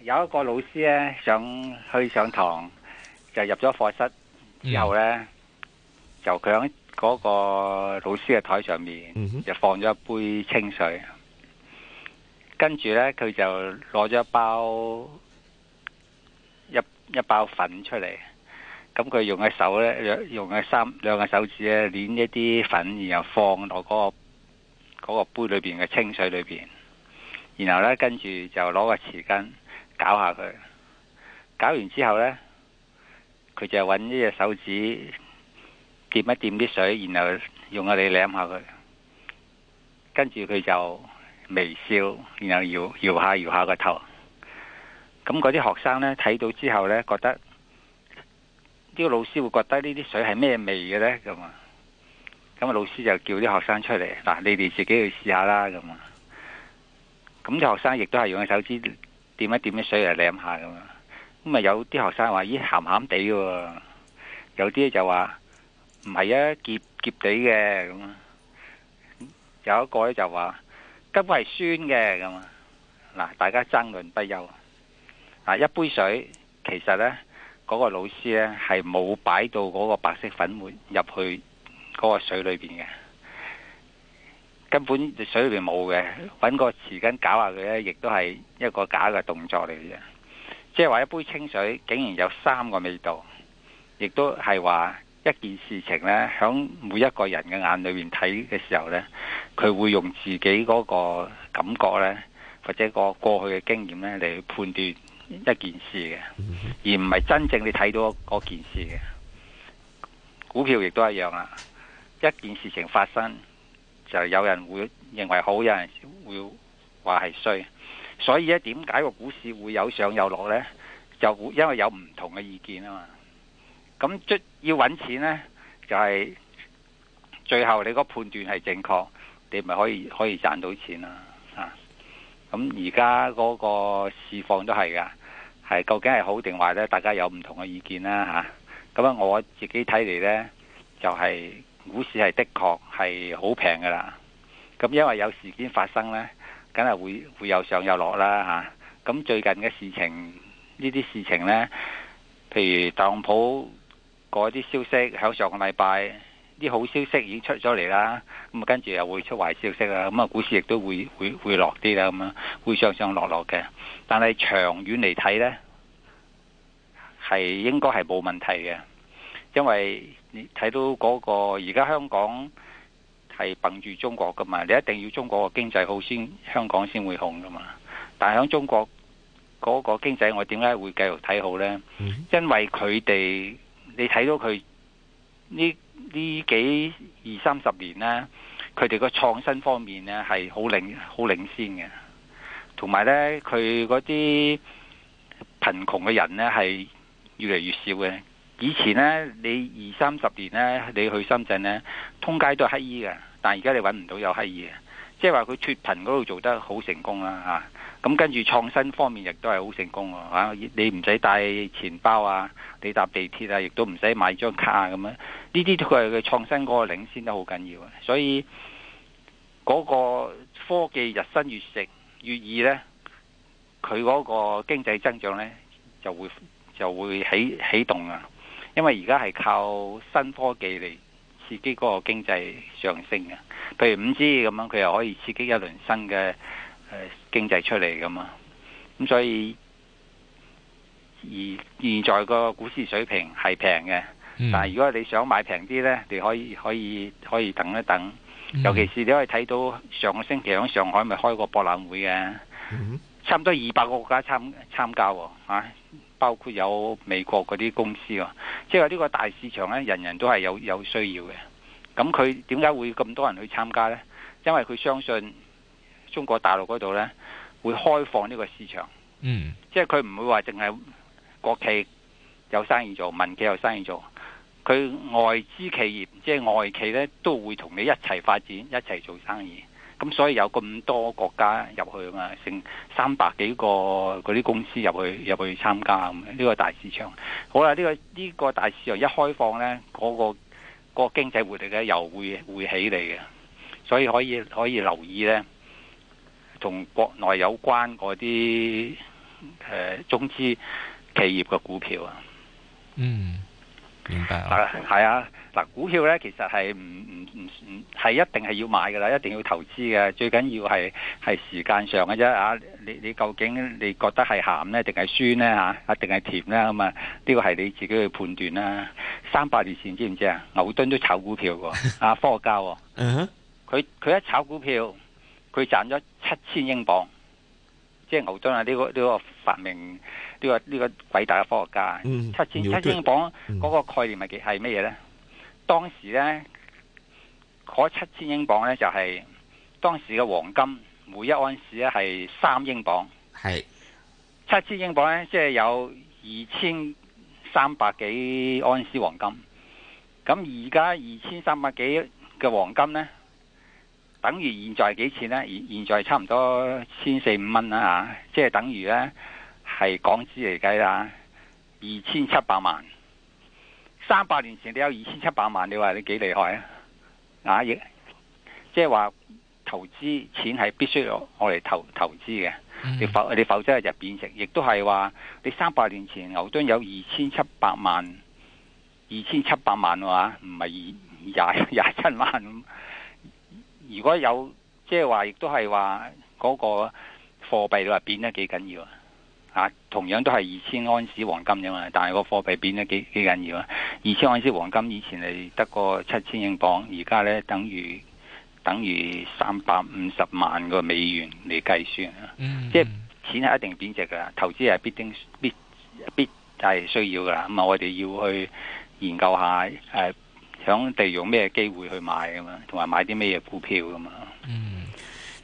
有一個老師咧，上去上堂就入咗課室之後咧，mm hmm. 就喺嗰個老師嘅台上面就放咗一杯清水。跟住呢，佢就攞咗一包一一包粉出嚟。咁佢用嘅手呢，用用嘅三兩個手指咧，捻一啲粉，然後放落嗰個嗰個杯裏邊嘅清水裏邊。然後呢，跟住就攞個匙羹。搞下佢，搞完之後呢，佢就揾一隻手指掂一掂啲水，然後用個脷舐下佢，跟住佢就微笑，然後搖搖下搖下個頭。咁嗰啲學生呢，睇到之後呢，覺得呢、呢個老師會覺得呢啲水係咩味嘅呢？咁啊？咁、嗯、啊，老師就叫啲學生出嚟嗱，你哋自己去試下啦咁啊。咁啲、嗯、學生亦都係用個手指點一點啲水嚟，舐下咁啊，咁啊有啲學生話，咦，鹹鹹地嘅，有啲就話唔係啊，澀澀地嘅咁，有一個咧就話根本係酸嘅咁啊。嗱，大家爭論不休啊！一杯水其實咧，嗰個老師咧係冇擺到嗰個白色粉末入去嗰個水裏邊嘅。根本水裏邊冇嘅，揾個匙羹搞下佢呢，亦都係一個假嘅動作嚟嘅。即係話一杯清水，竟然有三個味道，亦都係話一件事情呢，響每一個人嘅眼裏面睇嘅時候呢，佢會用自己嗰個感覺呢，或者個過去嘅經驗呢嚟去判斷一件事嘅，而唔係真正你睇到嗰件事嘅。股票亦都一樣啦，一件事情發生。就有人會認為好，有人會話係衰，所以咧點解個股市會有上有落呢？就因為有唔同嘅意見啊嘛。咁即要揾錢呢，就係、是、最後你個判斷係正確，你咪可以可以賺到錢啦。啊，咁而家嗰個市況都係噶，係究竟係好定壞呢？大家有唔同嘅意見啦吓。咁啊，啊我自己睇嚟呢，就係、是。股市係的確係好平噶啦，咁因為有事件發生呢，梗係會會有上又上有落啦吓。咁、啊啊、最近嘅事情呢啲事情呢，譬如特朗普嗰啲消息喺上個禮拜啲好消息已經出咗嚟啦，咁跟住又會出壞消息啦，咁啊股市亦都會會會落啲啦，咁樣會上上落落嘅。但係長遠嚟睇呢，係應該係冇問題嘅。因為你睇到嗰個，而家香港係傍住中國噶嘛，你一定要中國個經濟好先，香港先會紅噶嘛。但係喺中國嗰個經濟，我點解會繼續睇好呢？因為佢哋你睇到佢呢呢幾二三十年咧，佢哋個創新方面呢係好領好領先嘅。同埋呢，佢嗰啲貧窮嘅人呢係越嚟越少嘅。以前呢，你二三十年呢，你去深圳呢，通街都係乞兒嘅。但係而家你揾唔到有乞兒嘅，即係話佢脫貧嗰度做得好成功啦吓。咁跟住創新方面亦都係好成功啊！啊啊啊啊啊啊你唔使帶錢包啊，你搭地鐵啊，亦、啊啊啊、都唔使買張卡咁樣。呢啲都係佢創新嗰個領先得好緊要啊。所以嗰個科技日新月異，月異呢，佢嗰個經濟增長呢就會就會起起動啊。因為而家係靠新科技嚟，刺激嗰個經濟上升嘅，譬如五 G 咁樣，佢又可以刺激一輪新嘅誒、呃、經濟出嚟㗎嘛。咁、嗯、所以現現在個股市水平係平嘅，但係如果你想買平啲呢，你可以可以可以，可以等一等。尤其是你可以睇到上個星期響上海咪開個博覽會嘅，差唔多二百個國家參參加喎吓。啊包括有美國嗰啲公司啊，即係話呢個大市場咧，人人都係有有需要嘅。咁佢點解會咁多人去參加呢？因為佢相信中國大陸嗰度呢，會開放呢個市場。嗯，即係佢唔會話淨係國企有生意做，民企有生意做。佢外資企業，即係外企呢，都會同你一齊發展，一齊做生意。咁所以有咁多國家入去啊嘛，成三百幾個嗰啲公司入去入去參加咁，呢個大市場好啦。呢個呢個大市場一開放呢，嗰個嗰個經濟活力咧又會會起嚟嘅，所以可以可以留意呢，同國內有關嗰啲誒中資企業嘅股票啊。嗯。明白啊！係啊，嗱，股票呢其實係唔唔唔係一定係要買噶啦，一定要投資嘅，最緊要係係時間上嘅啫啊！你你究竟你覺得係咸呢？定係酸呢？吓、啊，一定係甜呢？咁啊？呢個係你自己去判斷啦。三百年前知唔知啊？牛頓都炒股票嘅，阿科學家，佢佢一炒股票，佢賺咗七千英鎊，即係牛頓啊！呢個呢個呢個發明。對啊，呢個偉大嘅科學家，七千七英鎊嗰個概念咪係咩嘢呢？嗯、當時呢，嗰七千英鎊呢，鎊就係當時嘅黃金每，每一盎司呢係三英鎊，係七千英鎊呢，即係有二千三百幾盎司黃金。咁而家二千三百幾嘅黃金呢，等於現在幾錢呢？現在差唔多千四五蚊啦吓，即係、啊就是、等於呢。係港紙嚟計啦，二千七百萬，三百年前你有二千七百萬，你話你幾厲害啊？啊，亦即係話投資錢係必須我嚟投投資嘅，你否你否則就變成亦都係話，你三百年前牛頓有二千七百萬，二千七百萬話唔係廿廿七萬咁，如果有即係話，亦都係話嗰個貨幣你話變得幾緊要啊？啊，同樣都係二千盎司黃金咁啊，但係個貨幣變得幾幾緊要啊！二千盎司黃金以前係得個七千英鎊，而家咧等於等於三百五十萬個美元嚟計算啊！嗯嗯嗯即係錢係一定貶值噶，投資係必定必必係需要噶啦。咁啊，我哋要去研究下誒，想、呃、地用咩機會去買咁啊，同埋買啲咩股票噶嘛。嗯嗯。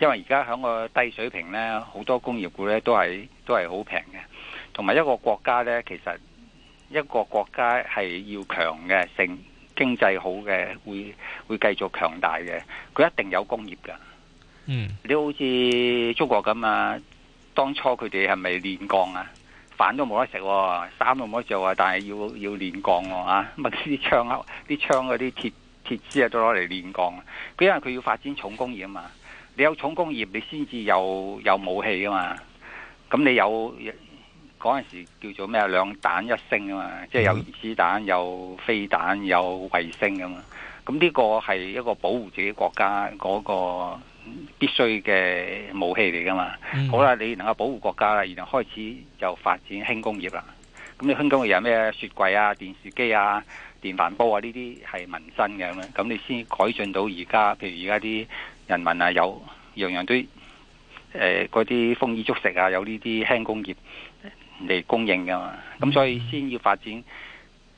因為而家喺個低水平咧，好多工業股咧都係都係好平嘅。同埋一個國家咧，其實一個國家係要強嘅，成經濟好嘅，會會繼續強大嘅。佢一定有工業㗎。嗯，你好似中國咁啊，當初佢哋係咪練鋼啊？飯都冇得食啊，衫都冇得做啊！但係要要練鋼喎啊！乜斯槍啊，啲槍嗰啲鐵鐵枝啊，都攞嚟練鋼啊。因為佢要發展重工業啊嘛。你有重工業，你先至有有武器啊嘛！咁你有嗰陣時叫做咩啊？兩彈一星啊嘛，即係有原子彈、有飛彈、有衛星啊嘛。咁呢個係一個保護自己國家嗰個必須嘅武器嚟噶嘛。嗯、好啦，你能夠保護國家啦，然後開始就發展輕工業啦。咁你輕工業有咩雪櫃啊、電視機啊、電飯煲啊呢啲係民生嘅咁，咁你先改進到而家，譬如而家啲，人民啊，有樣樣都誒，嗰啲豐衣足食啊，有呢啲輕工業嚟供應噶嘛，咁所以先要發展誒、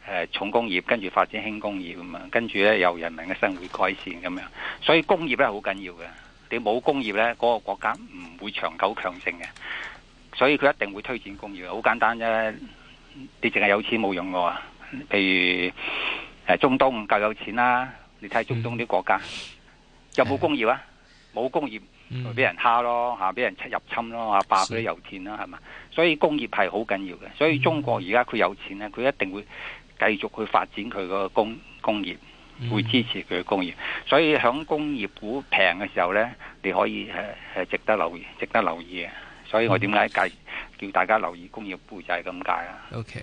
呃、重工業，跟住發展輕工業咁嘛，跟住咧由人民嘅生活改善咁樣，所以工業咧好緊要嘅，你冇工業咧，嗰、那個國家唔會長久強盛嘅，所以佢一定會推薦工業，好簡單啫，你淨係有錢冇用噶，譬如誒、呃、中東唔夠有錢啦，你睇下中東啲國家。嗯有冇工業啊？冇工業會俾、嗯、人蝦咯嚇，俾人出入侵咯，啊霸佢啲油田啦，係嘛以？所以工業係好緊要嘅。所以中國而家佢有錢咧，佢一定會繼續去發展佢個工工業，會支持佢嘅工業。嗯、所以喺工業股平嘅時候咧，你可以係係值得留意，值得留意嘅。所以我點解介叫大家留意工業股就係咁解啦。OK。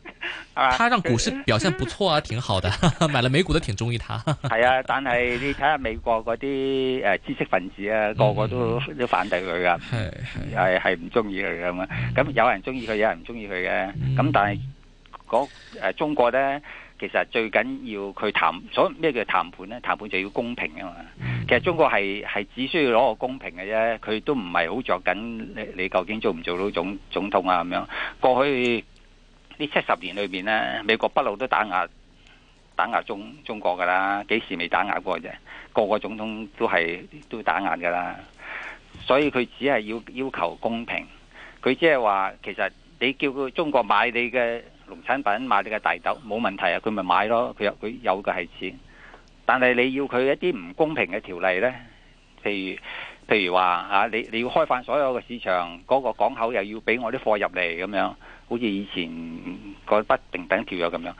他讓股市表現不錯啊，挺好的， 買了美股都挺中意他。係 啊，但係你睇下美國嗰啲知識分子啊，嗯、個個都都反對佢噶，係係唔中意佢噶嘛？咁有人中意佢，有人唔中意佢嘅。咁、嗯、但係中國呢，其實最緊要佢談，所謂咩叫談判呢？談判就要公平噶嘛。其實中國係係只需要攞個公平嘅啫，佢都唔係好着緊你你究竟做唔做到總總統啊咁樣過去。呢七十年裏邊咧，美國不嬲都打壓打壓中中國噶啦，幾時未打壓過啫？個個總統都係都打壓噶啦，所以佢只係要要求公平，佢只係話其實你叫佢中國買你嘅農產品，買你嘅大豆冇問題啊，佢咪買咯，佢有佢有嘅係錢，但係你要佢一啲唔公平嘅條例呢，譬如，譬如話嚇、啊，你你要開闢所有嘅市場，嗰個港口又要畀我啲貨入嚟咁樣，好似以前嗰筆定等條友咁樣，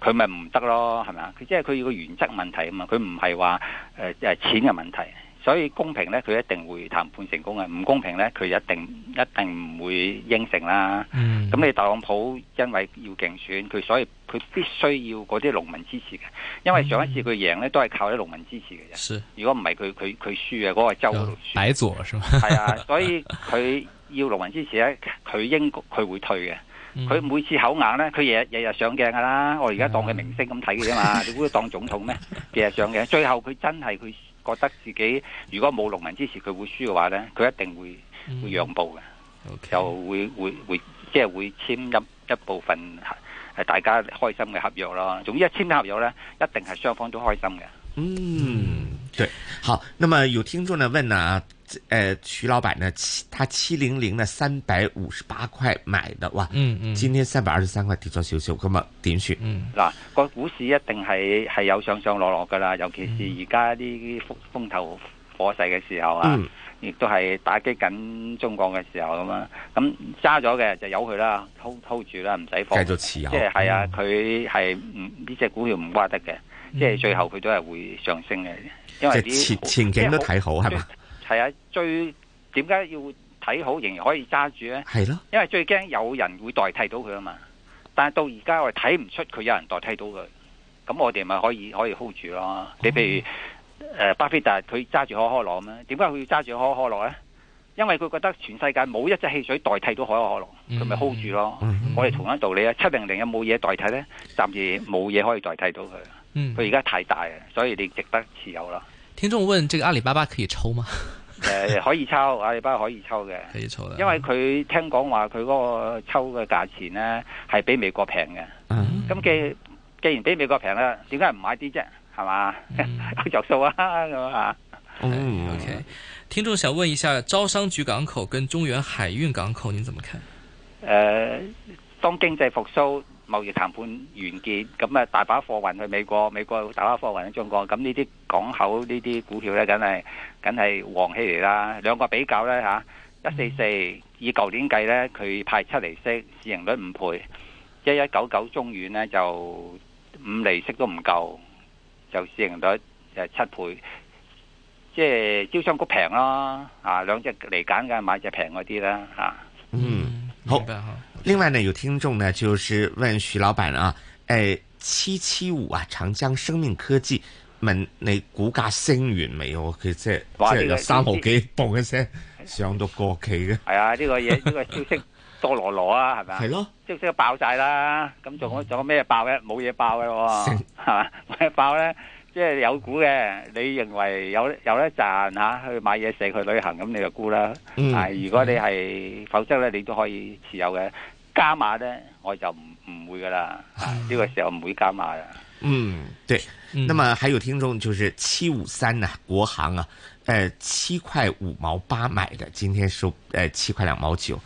佢咪唔得咯，係咪啊？佢即係佢要個原則問題啊嘛，佢唔係話誒誒錢嘅問題，所以公平呢，佢一定會談判成功嘅，唔公平呢，佢一定一定唔會應承啦。咁你特朗普因為要競選，佢所以。佢必須要嗰啲農民支持嘅，因為上一次佢贏咧都係靠啲農民支持嘅啫。是如果唔係佢佢佢輸嘅嗰、嗰個州輸，白左是嘛？係 啊，所以佢要農民支持咧，佢應該佢會退嘅。佢、嗯、每次口硬咧，佢日日日日上鏡嘅啦。我而家當佢明星咁睇嘅啫嘛，嗯、你估佢當總統咩？日日 上鏡，最後佢真係佢覺得自己如果冇農民支持佢會輸嘅話咧，佢一定會會讓步嘅，Okay. 就會會會，會即係會簽入。一部分係大家開心嘅合約咯，總之一簽合約呢，一定係雙方都開心嘅。嗯，對，好。那麼有聽眾呢問呢啊、呃，徐老闆呢七，他七零零呢，三百五十八塊買的，哇，嗯嗯，今天三百二十三塊跌咗少少，咁啊，點算？嗯，嗱，個、嗯啊、股市一定係係有上上落落噶啦，尤其是而家啲風風頭火勢嘅時候啊。嗯亦都係打擊緊中國嘅時候咁啊，咁揸咗嘅就由佢啦，hold hold 住啦，唔使放。繼續持有。即係係啊，佢係呢隻股票唔瓜得嘅，嗯、即係最後佢都係會上升嘅，因為啲前，前景都睇好係嘛。係啊，最點解要睇好，仍然可以揸住咧？係咯的，因為最驚有人會代替到佢啊嘛。但係到而家我哋睇唔出佢有人代替到佢，咁我哋咪可以可以 hold 住咯。你譬如。誒、呃，巴菲特佢揸住可口可樂啊嘛？點解佢要揸住可口可樂咧？因為佢覺得全世界冇一隻汽水代替到可口可樂，佢咪、嗯、hold 住咯。嗯嗯、我哋同一道理啊，七零零有冇嘢代替咧？暫時冇嘢可以代替到佢。佢而家太大啊，所以你值得持有啦。聽眾問：這個阿里巴巴可以抽嗎？誒、 呃，可以抽，阿里巴巴可以抽嘅，可以抽啦。因為佢聽講話，佢嗰個抽嘅價錢咧係比美國平嘅。咁、嗯、既既然比美國平啦，點解唔買啲啫？係嘛，我着數啊咁啊。嗯，OK，聽眾想問一下招商局港口跟中遠海運港口，你怎麼看？誒，當經濟復甦，貿易談判完結，咁啊大把貨運去美國，美國大把貨運去中國，咁呢啲港口呢啲股票咧，梗係梗係旺起嚟啦。兩個比較咧吓，一四四以舊年計咧，佢派七厘息，市盈率五倍，一一九九中遠咧就五厘息都唔夠。就市盈率就七倍，即係招商局平啦，吓，啊、兩隻嚟揀嘅買隻平嗰啲啦，吓、啊。嗯，好。好另外呢，有聽眾呢，就是問徐老闆啊，誒、呃，七七五啊，長江生命科技，問你股價升完未？我佢即係即係由三毫幾蹦一聲上到個幾，哎這個期嘅。係啊，呢個嘢呢個消息。 多羅羅啊，係咪 啊？係咯、 啊，即係爆晒啦。咁仲有仲有咩爆嘅？冇嘢爆嘅喎，係嘛？咩爆咧？即係有股嘅，你認為有有得賺嚇，去買嘢食去旅行咁你就估啦。啊，如果你係否則咧，你都可以持有嘅。加碼咧，我就唔唔會噶啦。呢、 啊這個時候唔會加碼噶。嗯，對。嗯、那麼，還有聽眾就是七五三啊，國航啊，誒、呃、七塊五毛八買嘅，今天收誒七塊兩毛九。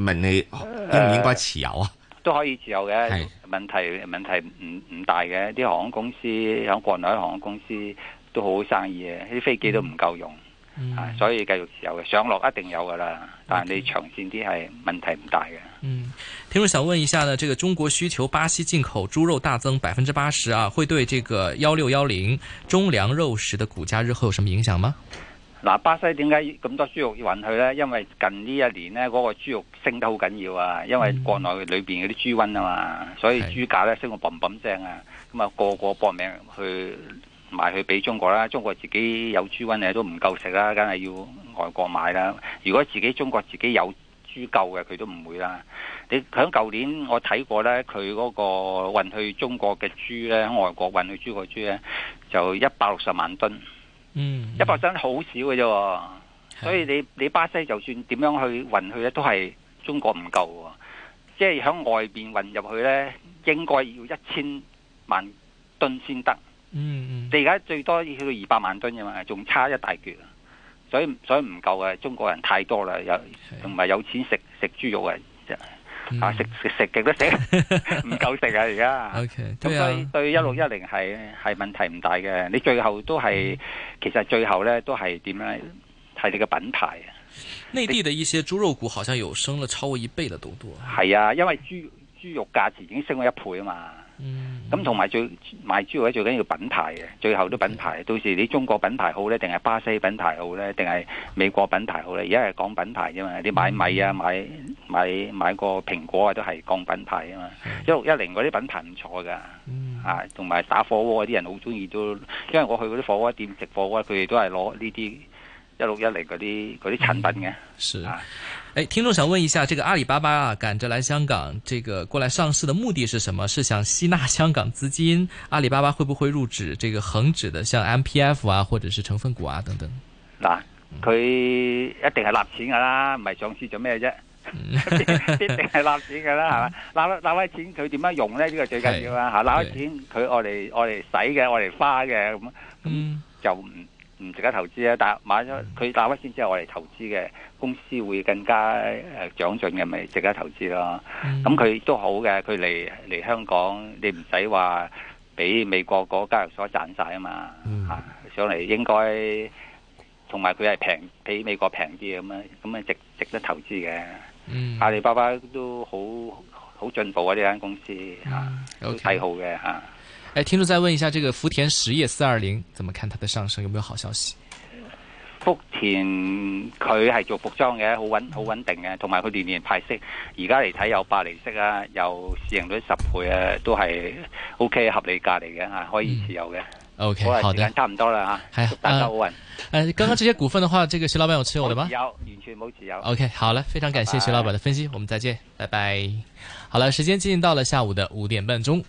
問你應唔應該持有啊、呃？都可以持有嘅是，問題問題唔唔大嘅。啲航空公司喺國內啲航空公司都好生意嘅，啲飛機都唔夠用，嗯、啊，所以繼續持有嘅，上落一定有㗎喇。但係你長線啲係問題唔大嘅。嗯，聽眾想問一下呢，這個中國需求巴西進口豬肉大增百分之八十啊，會對這個幺六幺零中糧肉食的股價日後有什麼影響嗎？嗱、啊，巴西點解咁多豬肉要運去呢？因為近呢一年呢，嗰、那個豬肉升得好緊要啊！因為國內裏邊嗰啲豬瘟啊嘛，所以豬價咧升到噴噴聲啊！咁啊的，個個搏命去賣去俾中國啦。中國自己有豬瘟啊，都唔夠食啦，梗係要外國買啦。如果自己中國自己有豬夠嘅，佢都唔會啦。你響舊年我睇過呢，佢嗰個運去中國嘅豬呢，外國運去中國嘅豬咧，就一百六十萬噸。嗯，一百箱好少嘅啫，的所以你你巴西就算點樣去運去咧，都係中國唔夠，即係喺外邊運入去咧，應該要一千萬噸先得。嗯嗯、mm，hmm. 你而家最多要去到二百萬噸咋嘛，仲差一大橛，所以所以唔夠嘅，中國人太多啦，又同埋有錢食食豬肉嘅。嗯、 啊！食食食極都食，唔夠食啊！而家，OK，咁所以對一六一零係係問題唔大嘅。你最後都係、嗯、其實最後咧都係點咧？係、嗯、你個品牌啊！內地的一些豬肉股好像有升了超過一倍的都多，多。係啊，因為豬豬肉價錢已經升咗一倍啊嘛。嗯，咁同埋最賣豬肉最緊要品牌嘅，最後啲品牌，嗯、到時你中國品牌好呢？定係巴西品牌好呢？定係美國品牌好呢？而家係講品牌啫嘛，你買米啊，買買買個蘋果啊，都係講品牌啊嘛，一六一零嗰啲品牌唔錯噶，啊，同埋打火鍋嗰啲人好中意都，因為我去嗰啲火鍋店食火鍋，佢哋都係攞呢啲一六一零嗰啲嗰啲產品嘅，係、嗯。誒，聽眾想問一下，這個阿里巴巴啊，趕着來香港，這個過來上市的目的是什麼？是想吸納香港資金？阿里巴巴會不會入指這個恒指的，像 M P F 啊，或者是成分股啊等等？嗱、啊，佢一定係納錢噶啦，唔係上市做咩啫？一定係納錢噶啦，係嘛？ 納納開錢佢點樣用咧？呢、這個最緊要啦吓，納開是錢佢我哋我哋使嘅，我哋對花嘅咁咁就。唔值得投資啊。但買咗佢打屈先之後，我嚟投資嘅公司會更加誒、嗯呃、長進嘅，咪值得投資咯。咁佢、嗯嗯嗯、都好嘅，佢嚟嚟香港，你唔使話俾美國嗰間交易所賺晒、嗯、啊嘛嚇，上嚟應該同埋佢係平，比美國平啲咁啊，咁啊值值得投資嘅。嗯、阿里巴巴都好好，好進步啊，呢間公司嚇，有睇好嘅嚇。嗯 okay. 誒，聽眾再問一下，這個福田實業四二零，怎麼看它的上升？有沒有好消息？福田佢係做服裝嘅，好穩好穩定嘅，同埋佢年年派息，而家嚟睇有八厘息啊，有市盈率十倍啊，都係 OK 合理價嚟嘅吓，可以持有嘅。OK，好嘅，差唔多啦吓，祝大家好運。誒、啊，剛、呃、剛這些股份的話，這個徐老闆有持有嘅嗎？有，完全冇持有。O、okay, K，好了，非常感謝徐拜老闆的分析，我們再見，拜拜。好了，時間接近，近到了下午的五點半鐘。